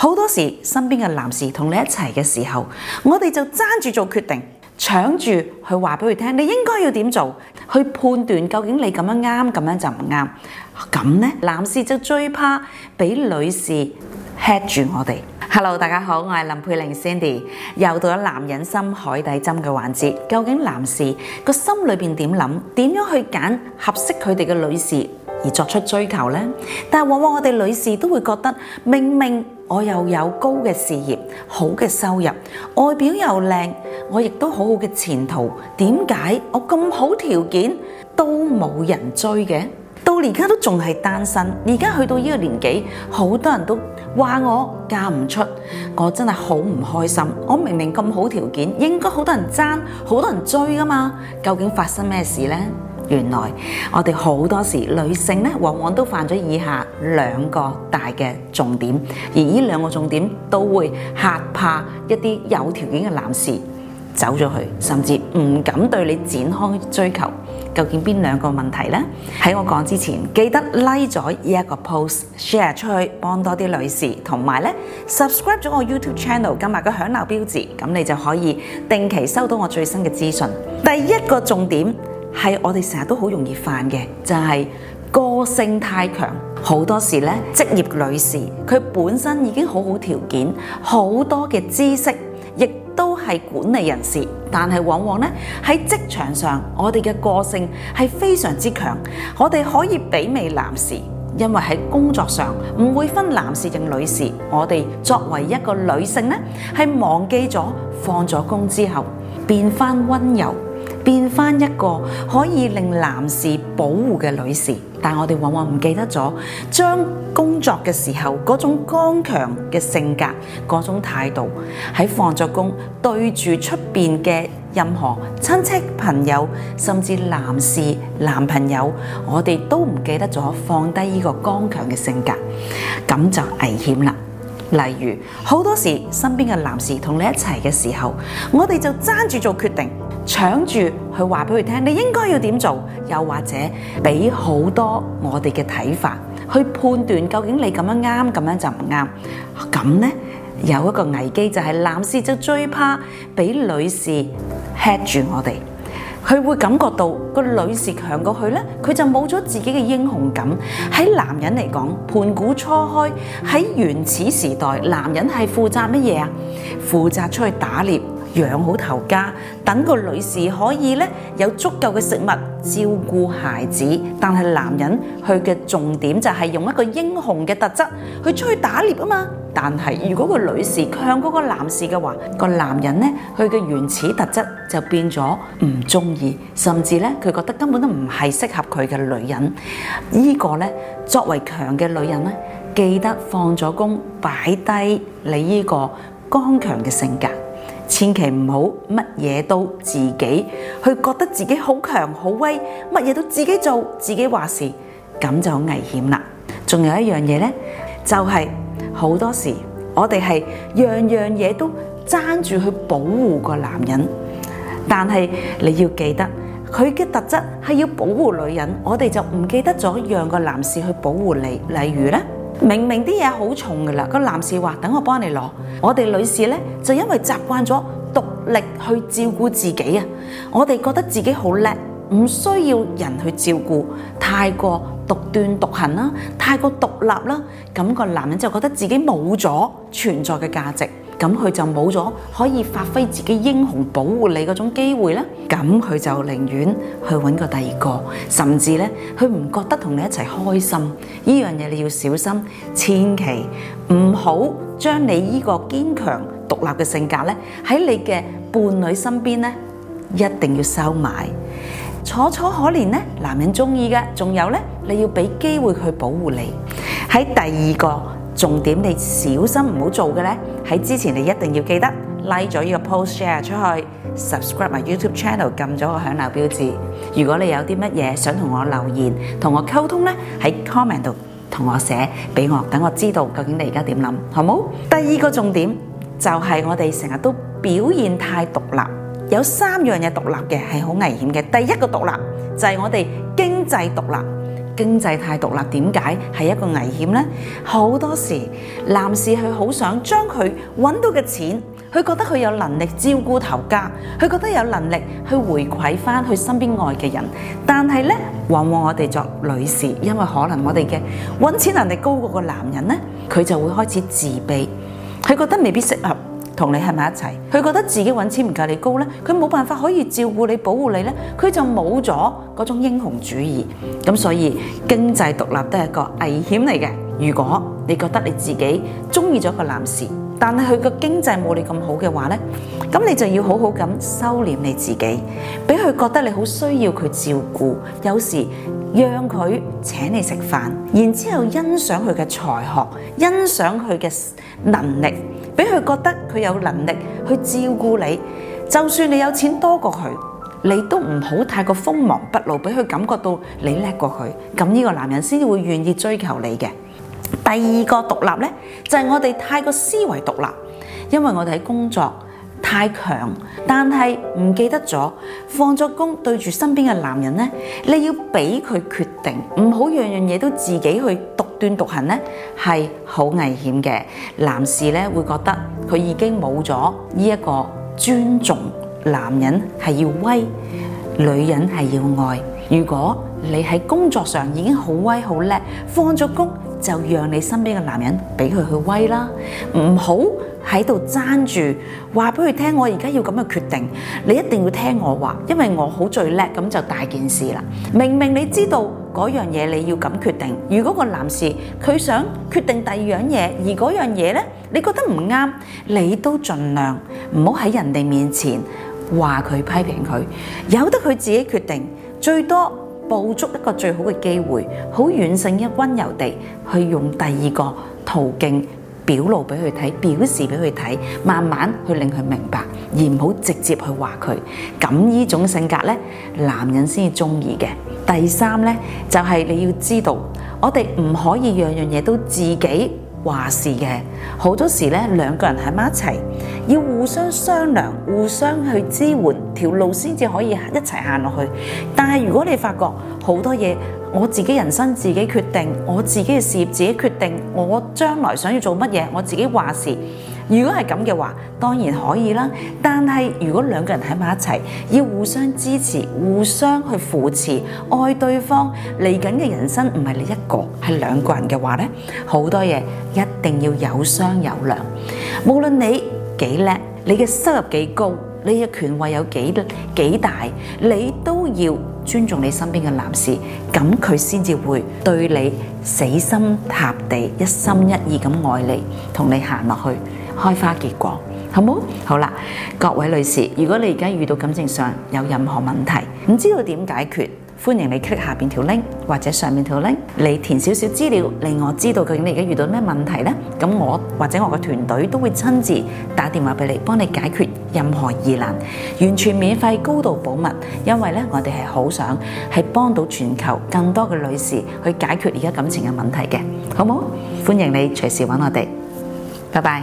好多時身邊嘅男士同你一齊嘅時候，我哋就爭住做決定，搶住去話俾佢聽，你應該要點做，去判斷究竟你咁樣啱，咁樣就唔啱。咁呢，男士就最怕俾女士吃住我哋。Hello，大家好，我係林佩玲 Cindy。又到咗男人心海底針嘅環節，究竟男士個心裏面點諗，點樣去揀合適佢哋嘅女士？而作出追求呢，但往往我哋女士都會覺得，明明我又有高嘅事業、好嘅收入、外表又靚，我亦都好好嘅前途，點解我咁好條件都冇人追嘅？到而家都仲係單身，而家去到呢個年紀，好多人都話我嫁唔出，我真係好唔開心。我明明咁好條件，應該好多人爭、好多人追噶嘛？究竟發生咩事呢？原來我哋好多時女性咧，往往都犯咗以下兩個大嘅重點，而呢兩個重點都會嚇怕一啲有條件嘅男士走咗去，甚至唔敢對你展開追求。究竟邊兩個問題呢？喺我講之前，記得 like 咗呢一個 post share 出去，幫多啲女士，同埋咧 subscribe 咗我 YouTube channel，加埋個響鬧標誌，咁你就可以定期收到我最新嘅資訊。第一個重點。係我哋成日都好容易犯嘅，就係個性太強。好多時咧，職業女士佢本身已經好好條件，好多嘅知識，亦都係管理人士。但係往往咧喺職場上，我哋嘅個性係非常之強。我哋可以媲美男士，因為喺工作上唔會分男士定女士。我哋作為一個女性咧，係忘記咗放咗工之後變翻溫柔。變翻一個可以令男士保護嘅女士，但我哋往往唔記得咗，將工作嘅時候嗰種剛強嘅性格，嗰種態度喺放咗工對住出邊嘅任何親戚朋友，甚至男士男朋友，我哋都唔記得咗放低呢個剛強嘅性格，咁就危險啦。例如好多時身邊嘅男士同你一齊嘅時候，我哋就爭住做決定。搶住去話俾佢聽，你應該要點做？又或者俾好多我哋嘅睇法去判斷究竟你咁樣啱，咁樣就唔啱。咁呢有一個危機就係男士就最怕俾女士 hit 住我哋，佢會感覺到個女士強過佢呢，佢就冇咗自己嘅英雄感。喺男人嚟講，盤古初開喺原始時代，男人係負責乜嘢啊？負責出去打獵。養好頭家，等個女士可以咧有足夠嘅食物照顧孩子。但係男人佢嘅重點就係用一個英雄嘅特質去出去打獵啊嘛。但係如果個女士強過個男士嘅話，個男人咧佢嘅原始特質就變咗唔中意，甚至咧佢覺得根本都唔係適合佢嘅女人。呢個咧，作為強嘅女人咧，記得放咗工，擺低你呢個剛強嘅性格。千祈唔好乜嘢都自己，去覺得自己好強好威，乜嘢都自己做，自己話事，咁就危險啦。仲有一樣嘢咧，就係好多時我哋係樣樣嘢都爭住去保護個男人，但係你要記得，佢嘅特質係要保護女人，我哋就唔記得咗讓個男士去保護你。例如咧。明明啲嘢好重㗎喇，個男士話等我幫你攞。我哋女士呢，就因為習慣咗獨力去照顧自己啊，我哋覺得自己好叻，唔需要人去照顧，太過獨斷獨行啦，太過獨立啦，咁個男人就覺得自己冇咗存在嘅價值。咁佢就冇咗可以發揮自己英雄保護你嗰種機會咧，咁佢就寧願去搵個第二個，甚至咧佢唔覺得同你一齊開心。依樣嘢你要小心，千祈唔好將你呢個堅強獨立嘅性格咧喺你嘅伴侶身邊咧，一定要收埋，楚楚可憐咧男人中意嘅。仲有咧你要俾機會去保護你喺第二個。重點你小心唔好做嘅呢，喺之前你一定要記得 like 咗呢個 post share 出去，subscribe 埋 YouTube channel，撳咗個響鬧標誌。如果你有啲乜嘢想同我留言，同我溝通呢，喺 comment 度同我寫俾我，等我知道究竟你而家點諗，好冇？第二個重點就係我哋成日都表現太獨立，有三樣嘢獨立嘅係好危險嘅。第一個獨立就係我哋經濟獨立。經濟太獨立點解係一個危險呢？好多時男士佢好想將佢揾到嘅錢，佢覺得佢有能力照顧頭家，佢覺得有能力去回饋翻佢身邊愛嘅人。但係呢，往往我哋作女士，因為可能我哋嘅揾錢能力高過個男人呢，佢就會開始自卑，佢覺得未必適合。同你喺埋一齊，佢覺得自己揾錢唔夠你高呢。佢冇辦法可以照顧你、保護你呢，佢就冇咗嗰種英雄主義。咁所以經濟獨立都係一個危險嚟嘅。如果你覺得你自己中意咗個男士，但係佢個經濟冇你咁好嘅話呢，咁你就要好好咁收斂你自己，俾佢覺得你好需要佢照顧。有時讓佢請你食飯，然之後欣賞佢嘅才學，欣賞佢嘅能力。俾佢覺得佢有能力去照顧你，就算你有錢多過佢，你都唔好太過鋒芒畢露，俾佢感覺到你叻過佢，咁呢個男人先至會願意追求你嘅。第二個獨立呢，就係、是、我哋太過思維獨立，因為我哋喺工作太強，但係唔記得咗放咗工對住身邊嘅男人呢，你要俾佢決定，唔好樣樣嘢都自己去獨。斷獨行咧係好危險嘅，男士咧會覺得佢已經冇咗呢一個尊重。男人係要威，女人係要愛。如果你喺工作上已經好威好叻，放咗工就讓你身邊嘅男人俾佢去威啦，唔好喺度爭住話俾佢聽，我而家要咁嘅決定，你一定要聽我話，因為我好最叻，咁就大件事啦。明明你知道。嗰樣嘢你要咁決定，如果個男士佢想決定第二樣嘢，而嗰樣嘢咧你覺得唔啱，你都盡量唔好喺人哋面前話佢，批評佢，由得佢自己決定，最多捕捉一個最好嘅機會，好軟性嘅溫柔地去用第二個途徑。表露俾佢睇，表示俾佢睇，慢慢去令佢明白，而唔好直接去話佢。咁呢種性格呢，男人先至中意嘅。第三呢，就係你要知道，我哋唔可以樣樣嘢都自己話事嘅。好多時呢，兩個人喺埋一齊，要互相商量，互相去支援，條路先至可以一齊行落去。但係如果你發覺好多嘢，我自己人生自己決定，我自己嘅事業自己決定，我將來想要做乜嘢我自己話事。如果係咁嘅話，當然可以啦。但係如果兩個人喺埋一齊，要互相支持、互相去扶持、愛對方，嚟緊嘅人生唔係你一個，係兩個人嘅話呢，好多嘢一定要有商有量。無論你幾叻，你嘅收入幾高。你嘅權位有幾幾大，你都要尊重你身邊嘅男士，咁佢先至會對你死心塌地、一心一意咁愛你，同你行落去開花結果，好冇？好啦，各位女士，如果你而家遇到感情上，有任何問題唔知道點解決，歡迎你 click 下邊條 link 或者上面條 link，你填少少資料，令我知道究竟你而家遇到咩問題呢，咁我或者我嘅團隊都會親自打電話俾你，幫你解決。任何疑難，完全免費，高度保密，因為咧，我哋係好想係幫到全球更多嘅女士去解決而家感情嘅問題嘅，好冇？歡迎你隨時揾我哋，拜拜。